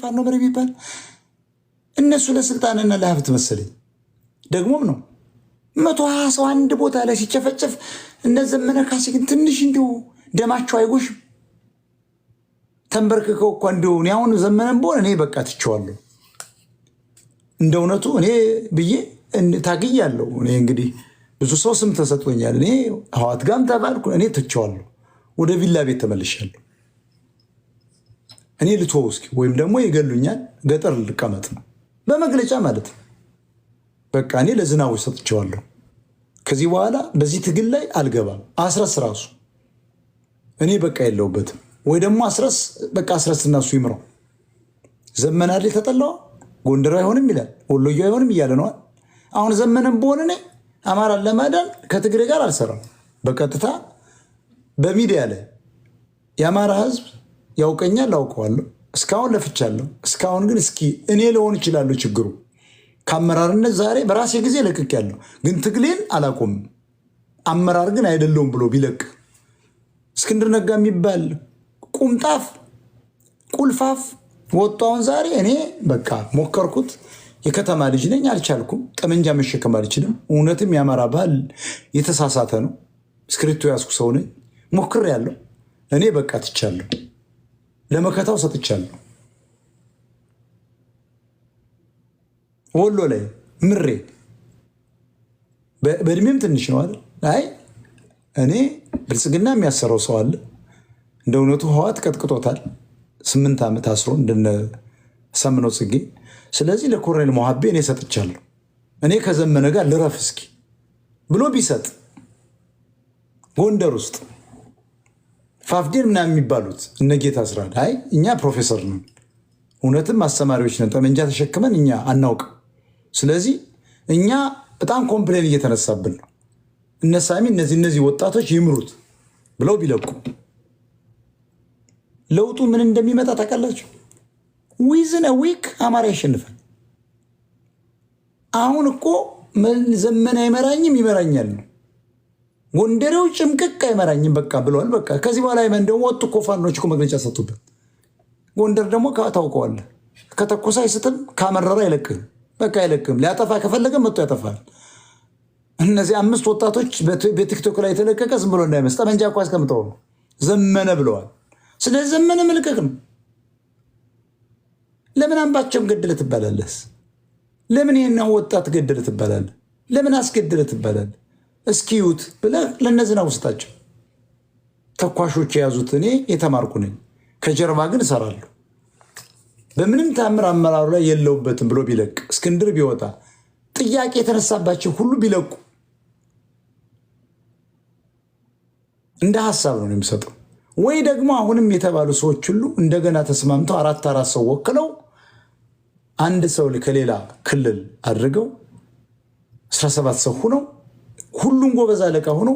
ፋኖ መሪ የሚባል እነሱ ለስልጣንና ለሀብት መሰለኝ። ደግሞም ነው መቶ ሀያ ሰው አንድ ቦታ ላይ ሲጨፈጨፍ እነ ዘመነ ካሴ ግን ትንሽ እንዲሁ ደማቸው አይጎሽም። ተንበርክከው እኳ እንዲሁ እኔ አሁን ዘመነን በሆነ እኔ በቃ ትቸዋለሁ እንደ እውነቱ እኔ ብዬ ታግያለሁ። እኔ እንግዲህ ብዙ ሰው ስም ተሰጥቶኛል። እኔ ሐዋት ጋም ተባልኩ። እኔ ትቸዋለሁ ወደ ቪላ ቤት ተመልሻለሁ። እኔ ልትወው እስኪ ወይም ደግሞ ይገሉኛል፣ ገጠር ልቀመጥ በመግለጫ ማለት ነው። በቃ እኔ ለዝናቡ ሰጥቼዋለሁ። ከዚህ በኋላ በዚህ ትግል ላይ አልገባም። አስረስ ራሱ እኔ በቃ የለውበትም ወይ ደግሞ አስረስ በቃ አስረስ እናሱ ይምረው። ዘመነ አይደል ጎንደር አይሆንም ይላል፣ ወሎዮ አይሆንም እያለ ነዋል። አሁን ዘመነም በሆነ እኔ አማራን ለማዳን ከትግሬ ጋር አልሰራም። በቀጥታ በሚዲያ ላይ የአማራ ህዝብ ያውቀኛል፣ አውቀዋለሁ። እስካሁን ለፍቻለሁ። እስካሁን ግን እስኪ እኔ ልሆን እችላለሁ ችግሩ ከአመራርነት ዛሬ በራሴ ጊዜ ለቅቅ ያለው ግን ትግሌን አላቆምም። አመራር ግን አይደለውም ብሎ ቢለቅ እስክንድር ነጋ የሚባል ቁምጣፍ ቁልፋፍ ወጣውን ዛሬ እኔ በቃ ሞከርኩት። የከተማ ልጅ ነኝ፣ አልቻልኩም። ጠመንጃ መሸከም አልችልም። እውነትም የአማራ ባህል የተሳሳተ ነው። እስክሪብቶ ያስኩ ሰው ነኝ። ሞክሬያለሁ። እኔ በቃ ትቻለሁ። ለመከታው ሰጥቻለሁ። ወሎ ላይ ምሬ በእድሜም ትንሽ ነው አይደል? አይ እኔ ብልጽግና የሚያሰረው ሰው አለ። እንደ እውነቱ ህዋት ቀጥቅጦታል፣ ስምንት ዓመት አስሮ እንደነ ሰምነው ጽጌ። ስለዚህ ለኮሎኔል ሞሀቤ እኔ ሰጥቻለሁ። እኔ ከዘመነ ጋር ልረፍ እስኪ ብሎ ቢሰጥ ጎንደር ውስጥ ፋፍዴር ምናምን የሚባሉት እነ ጌታ ስራድ አይ እኛ ፕሮፌሰር ነው እውነትም አስተማሪዎች ነን፣ ጠመንጃ ተሸክመን እኛ አናውቅም። ስለዚህ እኛ በጣም ኮምፕሌን እየተነሳብን ነው። እነ ሳሚ እነዚህ እነዚህ ወጣቶች ይምሩት ብለው ቢለቁ ለውጡ ምን እንደሚመጣ ታውቃላችሁ? ዊዝን ዊክ አማራ ያሸንፋል። አሁን እኮ ዘመን አይመራኝም ይመራኛል ነው ጎንደሬው ጭምቅቅ አይመራኝም በቃ ብለዋል። በቃ ከዚህ በኋላ ይመን ደግሞ ወጡ እኮ ፋኖች እኮ መግለጫ ሰጡበት። ጎንደር ደግሞ ታውቀዋለ፣ ከተኮሰ አይስትም፣ ካመረረ አይለቅም። በቃ አይለቅም። ሊያጠፋ ከፈለገ መጥቶ ያጠፋል። እነዚህ አምስት ወጣቶች በቲክቶክ ላይ የተለቀቀ ዝም ብሎ እንዳይመስ ጠመንጃ እኮ አስቀምጠው ነው ዘመነ ብለዋል። ስለዚህ ዘመነ መልቀቅ ነው። ለምን አምባቸውን ገደለ ትባላለህ? ለምን ይህን ወጣት ገደለ ትባላለህ? ለምን አስገደለ ትባላለህ? እስኪዩት ብለህ ለእነዚህ ነው ውስጣቸው ተኳሾች የያዙት። እኔ የተማርኩ ነኝ፣ ከጀርባ ግን እሰራለሁ። በምንም ተአምር አመራሩ ላይ የለውበትም ብሎ ቢለቅ እስክንድር ቢወጣ ጥያቄ የተነሳባቸው ሁሉ ቢለቁ እንደ ሀሳብ ነው የሚሰጠው። ወይ ደግሞ አሁንም የተባሉ ሰዎች ሁሉ እንደገና ተስማምተው አራት አራት ሰው ወክለው አንድ ሰው ከሌላ ክልል አድርገው 1ሰባት ሰው ሁነው ሁሉም ጎበዝ አለቃ ሆኖ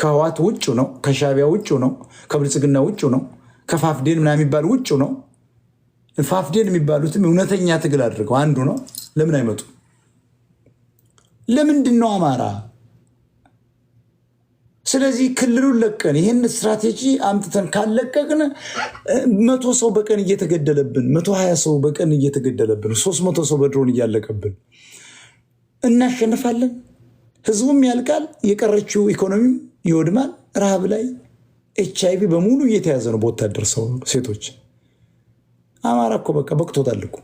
ከህዋት ውጭ ነው፣ ከሻቢያ ውጭ ነው፣ ከብልጽግና ውጭ ነው፣ ከፋፍዴን ምና የሚባል ውጭ ነው። ፋፍዴን የሚባሉትም እውነተኛ ትግል አድርገው አንዱ ነው። ለምን አይመጡ? ለምንድን ነው አማራ? ስለዚህ ክልሉን ለቀን ይህን ስትራቴጂ አምጥተን ካለቀቅን መቶ ሰው በቀን እየተገደለብን፣ መቶ ሀያ ሰው በቀን እየተገደለብን፣ ሶስት መቶ ሰው በድሮን እያለቀብን እናሸንፋለን። ህዝቡም ያልቃል፣ የቀረችው ኢኮኖሚም ይወድማል። ረሃብ ላይ ኤች አይቪ በሙሉ እየተያዘ ነው በወታደር ሰው ሴቶች። አማራ እኮ በቃ በቅቶታል እኮ።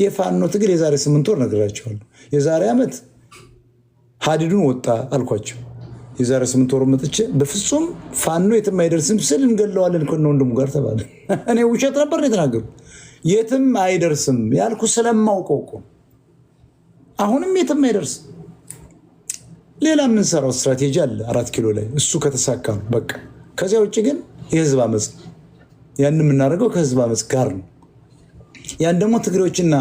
የፋኖ ትግል የዛሬ ስምንት ወር ነግራቸዋለሁ። የዛሬ ዓመት ሀዲዱን ወጣ አልኳቸው። የዛሬ ስምንት ወር መጥቼ በፍጹም ፋኖ የትም አይደርስም ስል እንገለዋለን ከነ ወንድሙ ጋር ተባለ። እኔ ውሸት ነበር የተናገሩ የትም አይደርስም ያልኩ ስለማውቀው እኮ አሁንም የትም አይደርስም ሌላ የምንሰራው ስትራቴጂ አለ አራት ኪሎ ላይ እሱ ከተሳካ ነው በቃ። ከዚያ ውጭ ግን የህዝብ አመፅ ያን የምናደርገው ከህዝብ አመፅ ጋር ነው። ያን ደግሞ ትግሬዎችና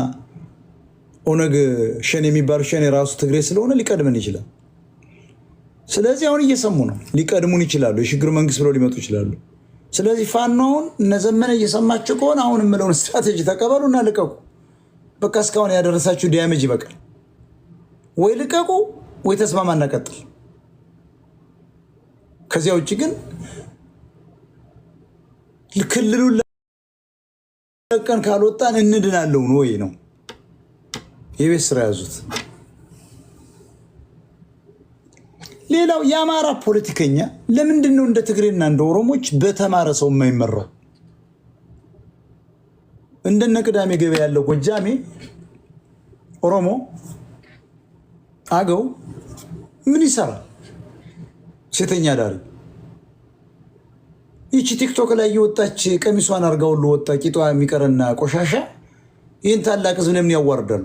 ኦነግ ሸኔ የሚባሉ ሸኔ ራሱ ትግሬ ስለሆነ ሊቀድመን ይችላል። ስለዚህ አሁን እየሰሙ ነው። ሊቀድሙን ይችላሉ። የሽግግር መንግስት ብለው ሊመጡ ይችላሉ። ስለዚህ ፋኖውን እነዘመነ እየሰማቸው ከሆነ አሁን የምለውን ስትራቴጂ ተቀበሉ እና ልቀቁ። በቃ እስካሁን ያደረሳችሁ ዲያሜጅ ይበቃል ወይ ልቀቁ ወይ ተስማማ እናቀጥል። ከዚያ ውጭ ግን ክልሉን ለቀን ካልወጣን እንድናለውን ወይ ነው የቤት ስራ ያዙት። ሌላው የአማራ ፖለቲከኛ ለምንድን ነው እንደ ትግሬና እንደ ኦሮሞች በተማረ ሰው የማይመራው? እንደነ ቅዳሜ ገበያ ያለው ጎጃሜ ኦሮሞ አገው ምን ይሰራል? ሴተኛ ዳር ይቺ ቲክቶክ ላይ እየወጣች ቀሚሷን አርጋ ሁሉ ወጣ ቂጧ የሚቀርና ቆሻሻ ይህን ታላቅ ህዝብ ለምን ያዋርዳሉ?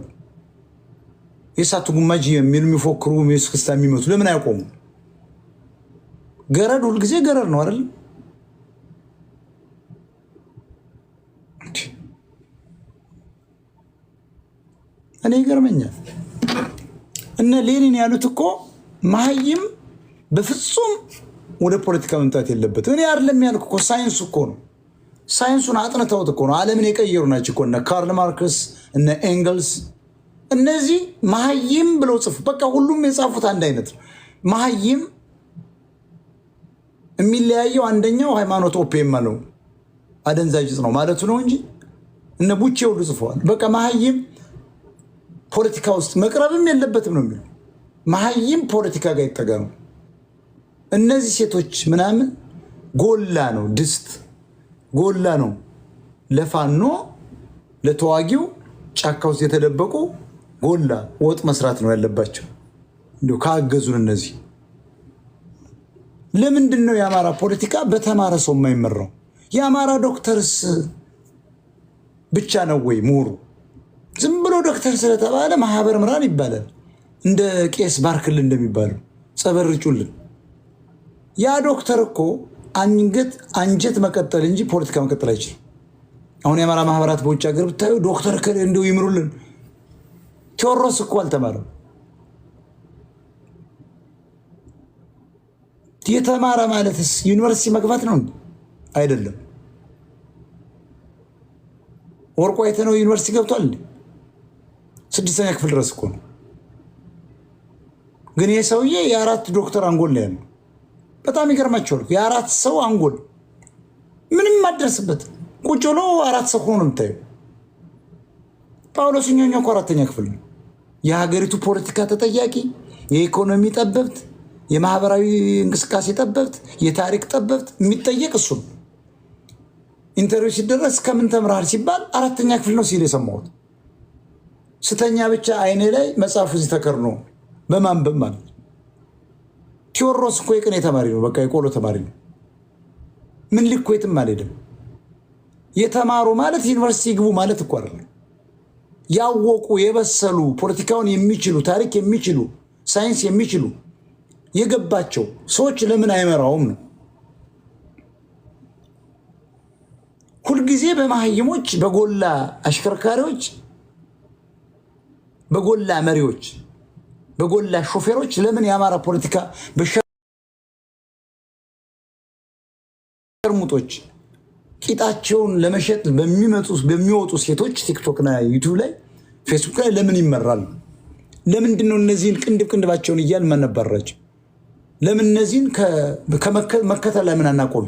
የእሳቱ ጉማጅ የሚል የሚፎክሩ ስክስታ የሚመቱ ለምን አያቆሙ? ገረድ ሁልጊዜ ገረድ ነው አይደል? እኔ ይገርመኛል። እነ ሌኒን ያሉት እኮ መሀይም በፍጹም ወደ ፖለቲካ መምጣት የለበትም። እኔ አይደለም ያልኩ እኮ ሳይንሱ እኮ ነው። ሳይንሱን አጥንተውት እኮ ነው ዓለምን የቀየሩ ናቸው እኮ እነ ካርል ማርክስ እነ ኤንግልስ እነዚህ መሀይም ብለው ጽፉ። በቃ ሁሉም የጻፉት አንድ አይነት ነው። መሀይም የሚለያየው አንደኛው ሃይማኖት ኦፔም አለው አደንዛዥ ነው ማለቱ ነው እንጂ እነ ቡቼ ሁሉ ጽፈዋል። በቃ መሀይም ፖለቲካ ውስጥ መቅረብም የለበትም ነው የሚለው መሀይም ፖለቲካ ጋር ይጠጋሙ። እነዚህ ሴቶች ምናምን ጎላ ነው፣ ድስት ጎላ ነው። ለፋኖ ለተዋጊው ጫካ ውስጥ የተደበቁ ጎላ ወጥ መስራት ነው ያለባቸው። እንዲያው ካገዙን እነዚህ ለምንድን ነው የአማራ ፖለቲካ በተማረ ሰው የማይመራው? የአማራ ዶክተርስ ብቻ ነው ወይ ምሁሩ? ዝም ብሎ ዶክተር ስለተባለ ማህበር ምራን ይባላል። እንደ ቄስ ባርክልን እንደሚባለው ጸበል ያ ዶክተር እኮ አንገት አንጀት መቀጠል እንጂ ፖለቲካ መቀጠል አይችልም። አሁን የአማራ ማህበራት በውጭ ሀገር ብታዩ ዶክተር ከ እንደው ይምሩልን። ቴዎድሮስ እኮ አልተማረም። የተማረ ማለትስ ዩኒቨርሲቲ መግባት ነው አይደለም። ወርቆ የተነው ዩኒቨርሲቲ ገብቷል። ስድስተኛ ክፍል ድረስ እኮ ነው ግን ይህ ሰውዬ የአራት ዶክተር አንጎል ነው ያለው። በጣም ይገርማቸዋል። የአራት ሰው አንጎል ምንም አደርስበት ቁጭ ብሎ አራት ሰው ሆኖ ነው የምታየው። ጳውሎስ ኞኞ እኮ አራተኛ ክፍል ነው። የሀገሪቱ ፖለቲካ ተጠያቂ፣ የኢኮኖሚ ጠበብት፣ የማህበራዊ እንቅስቃሴ ጠበብት፣ የታሪክ ጠበብት የሚጠየቅ እሱ ነው። ኢንተርቪው ሲደረስ ከምን ተምረሃል ሲባል አራተኛ ክፍል ነው ሲል የሰማሁት። ስተኛ ብቻ አይኔ ላይ መጽሐፉ እዚህ ተከርኖ በማንበብ ማለት ነው። ቴዎድሮስ እኮ የቅኔ ተማሪ ነው። በቃ የቆሎ ተማሪ ነው። ምን ልኮ የትም አልሄድም። የተማሩ ማለት ዩኒቨርሲቲ ግቡ ማለት እኮ አይደለም። ያወቁ የበሰሉ ፖለቲካውን የሚችሉ ታሪክ የሚችሉ ሳይንስ የሚችሉ የገባቸው ሰዎች ለምን አይመራውም ነው። ሁልጊዜ በማህይሞች በጎላ አሽከርካሪዎች፣ በጎላ መሪዎች በጎላ ሾፌሮች ለምን የአማራ ፖለቲካ በሸርሙጦች ቂጣቸውን ለመሸጥ በሚመጡ በሚወጡ ሴቶች ቲክቶክና ዩቱብ ላይ ፌስቡክ ላይ ለምን ይመራል? ለምንድን ነው እነዚህን ቅንድብ ቅንድባቸውን እያል መነበረች? ለምን እነዚህን መከተል ለምን አናቆም?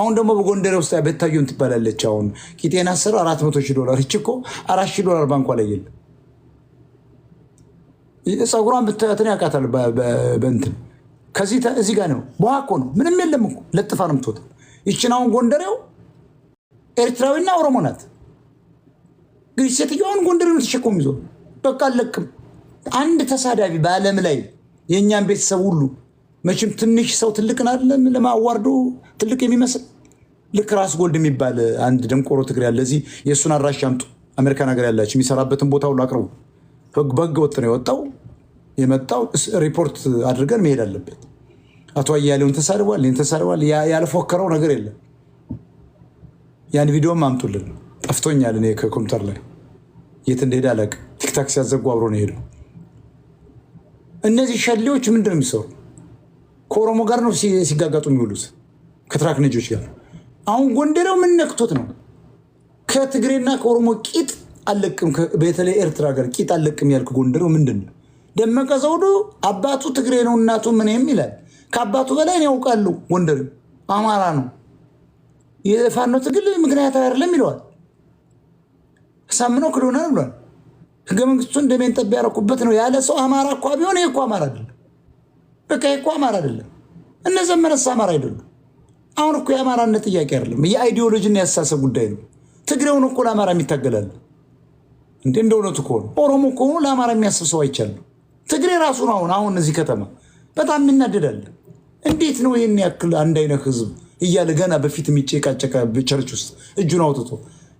አሁን ደግሞ በጎንደር ውስጥ ቤታየን ትባላለች። አሁን ቂጤና ስር አራት መቶ ሺህ ዶላር ይች እኮ አራት ሺህ ዶላር ባንኳ ላይ የለም። ፀጉሯን ብትትን ያውቃታል። በእንትን ከዚህ እዚህ ጋር ነው በውሃ እኮ ነው ምንም የለም እኮ ለጥፋ ነው የምትወጣው። ይችን አሁን ጎንደሬው ኤርትራዊና ኦሮሞ ናት። ግን ሴትዮዋን ጎንደሬ ነው ተሸኮም ይዞ በቃ አለቅም። አንድ ተሳዳቢ በዓለም ላይ የእኛን ቤተሰብ ሁሉ መቼም ትንሽ ሰው ትልቅን አለም ለማዋርዶ ትልቅ የሚመስል ልክ ራስ ጎልድ የሚባል አንድ ደንቆሮ ትግሬ ያለ እዚህ የእሱን አድራሻ አምጡ። አሜሪካን ሀገር ያላችሁ የሚሰራበትን ቦታ ሁሉ አቅርቡ። በህገ ወጥ ነው የወጣው የመጣው ሪፖርት አድርገን መሄድ አለበት። አቶ አያሌውን ተሳድቧል፣ ይህን ተሳድቧል። ያልፎከረው ነገር የለም። ያን ቪዲዮም አምጡልን። ጠፍቶኛል። እኔ ከኮምፒውተር ላይ የት እንደሄደ አለቅ ቲክታክ ሲያዘጉ አብሮ ነው ሄደው። እነዚህ ሸሌዎች ምንድን ነው የሚሰሩ? ከኦሮሞ ጋር ነው ሲጋጋጡ የሚውሉት ከትራክ ነጆች ጋር። አሁን ጎንደሬው ምን ነክቶት ነው? ከትግሬና ከኦሮሞ ቂጥ አለቅም በተለይ ኤርትራ ጋር ቂጥ አለቅም ያልክ ጎንደር ምንድን ነው? ደመቀ ዘውዱ አባቱ ትግሬ ነው እናቱ ምንም ይላል። ከአባቱ በላይ ነው ያውቃሉ። ጎንደር አማራ ነው የፋኖ ትግል ምክንያት አይደለም ይለዋል። ሳምኖ ክዶና ብሏል። ህገ መንግስቱን ደሜን ጠብ ያረኩበት ነው ያለ ሰው አማራ እኳ ቢሆን ይህ እኳ አማራ አይደለም። በቃ እኳ አማራ አይደለም። እነ ዘመነስ አማራ አይደሉም። አሁን እኮ የአማራነት ጥያቄ አይደለም፣ የአይዲዮሎጂና ያሳሰብ ጉዳይ ነው። ትግሬውን እኮ ለአማራ የሚታገላል እንደ እውነቱ ከሆኑ ኦሮሞ ከሆኑ ለአማራ የሚያስብ ሰው አይቻልም። ትግሬ ራሱ ነው አሁን አሁን እዚህ ከተማ በጣም እናደዳል። እንዴት ነው ይህን ያክል አንድ አይነት ህዝብ እያለ ገና በፊት የሚጨቃጨቀ ቸርች ውስጥ እጁን አውጥቶ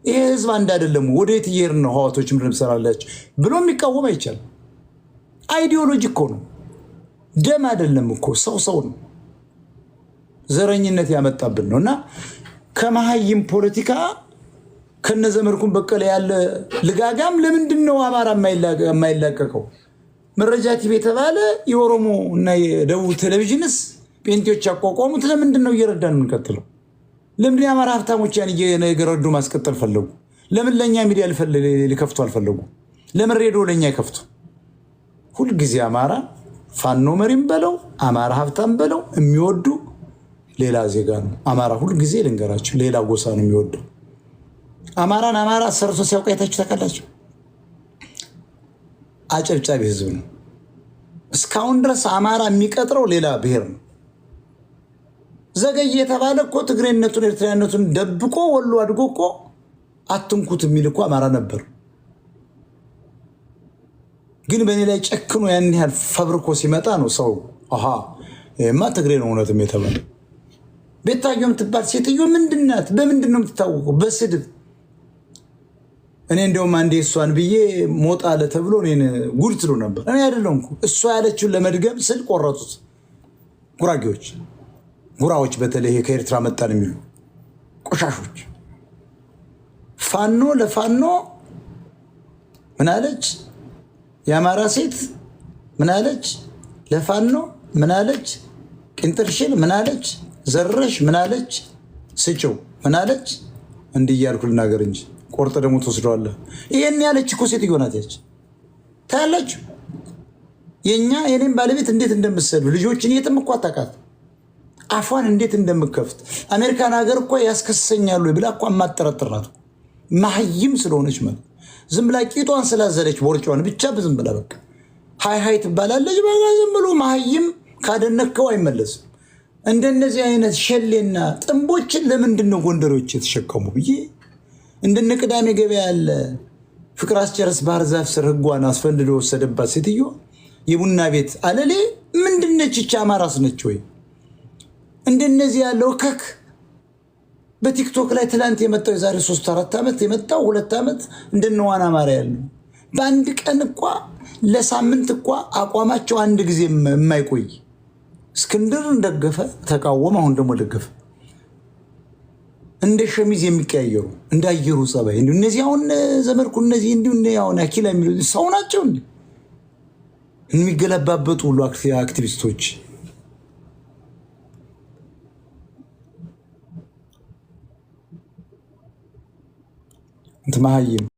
ይሄ ህዝብ አንድ አይደለም፣ ወደ የት እየሄድን ነው? ህዋቶች ምድር ትሰራላችሁ ብሎ የሚቃወም አይቻልም። አይዲዮሎጂ እኮ ነው። ደም አይደለም እኮ ሰው ሰው ነው። ዘረኝነት ያመጣብን ነው እና ከመሀይም ፖለቲካ ከነዘመድኩን በቀለ ያለ ልጋጋም ለምንድን ነው አማራ የማይላቀቀው? መረጃ ቲቪ የተባለ የኦሮሞ እና የደቡብ ቴሌቪዥንስ ጴንጤዎች ያቋቋሙት ለምንድን ነው እየረዳን የምንቀጥለው? ለምንድን የአማራ ሀብታሞች ያን እየረዱ ማስቀጠል ፈለጉ? ለምን ለእኛ ሚዲያ ሊከፍቱ አልፈለጉ? ለምን ሬዲዮ ለእኛ ይከፍቱ? ሁልጊዜ አማራ ፋኖ መሪም በለው አማራ ሀብታም በለው የሚወዱ ሌላ ዜጋ ነው። አማራ ሁልጊዜ ልንገራቸው፣ ሌላ ጎሳ ነው የሚወደው። አማራን አማራ ሰርሶ ሲያውቅ አይታችሁ ታውቃላችሁ? አጨብጫቢ ህዝብ ነው። እስካሁን ድረስ አማራ የሚቀጥረው ሌላ ብሔር ነው። ዘገየ የተባለ እኮ ትግሬነቱን ኤርትራነቱን ደብቆ ወሎ አድጎ እኮ አትንኩት የሚል እኮ አማራ ነበር። ግን በእኔ ላይ ጨክኖ ያን ያህል ፈብርኮ ሲመጣ ነው ሰው አሃ ትግሬ ነው እውነትም የተባለ ቤታየው የምትባል ሴትዮ ምንድናት? ናት? በምንድን ነው የምትታወቀው? በስድብ እኔ እንደውም አንዴ እሷን ብዬ ሞጣ አለ ተብሎ እኔን ጉድ ትሉ ነበር። እኔ አይደለሁም እሷ ያለችውን ለመድገም ስል ቆረጡት። ጉራጌዎች፣ ጉራዎች በተለይ ከኤርትራ መጣን የሚሉ ቆሻሾች። ፋኖ ለፋኖ ምናለች? የአማራ ሴት ምናለች? ለፋኖ ምናለች? ቅንጥርሽን ምናለች? ዘረሽ ምናለች? ስጭው ምናለች? እንዲህ እያልኩ ልናገር እንጂ ቆርጠ ደግሞ ትወስደዋለህ። ይሄን ያለች እኮ ሴትዮ ናት። ያች ታያላችሁ። የእኛ የኔም ባለቤት እንዴት እንደምትሰድብ ልጆችን የትም እኮ አታውቃት። አፏን እንዴት እንደምከፍት አሜሪካን ሀገር እኮ ያስከሰኛሉ ብላ እኮ የማጠራጥር ናት። ማህይም ስለሆነች ማለት ዝም ብላ ቂጧን ስላዘለች ቦርጫዋን ብቻ ዝም ብላ በቃ ሀይ ሀይ ትባላለች። በቃ ዝም ብሎ ማህይም ካደነከው አይመለስም። እንደነዚህ አይነት ሸሌና ጥንቦችን ለምንድን ነው ጎንደሮች የተሸከሙ ብዬ እንደነ ቅዳሜ ገበያ ያለ ፍቅር አስጨረስ ባህር ዛፍ ስር ህጓን አስፈንድዶ ወሰደባት ሴትዮ የቡና ቤት አለሌ ምንድነች? ይቺ አማራስ ነች ወይ? እንደነዚህ ያለው ከክ በቲክቶክ ላይ ትላንት የመጣው የዛሬ ሶስት አራት ዓመት የመጣው ሁለት ዓመት እንደነዋን አማራ ያለው በአንድ ቀን እኳ ለሳምንት እኳ አቋማቸው አንድ ጊዜ የማይቆይ እስክንድር ደገፈ፣ ተቃወመ፣ አሁን ደግሞ ደገፈ። እንደ ሸሚዝ የሚቀያየሩ እንደ አየሩ ጸባይ እንዲሁ እነዚህ አሁን ዘመድኩ እነዚህ እንዲሁ አሁን አኪላ የሚሉ ሰው ናቸው እንዲ የሚገለባበጡ ሁሉ አክቲቪስቶች እንትማሃይም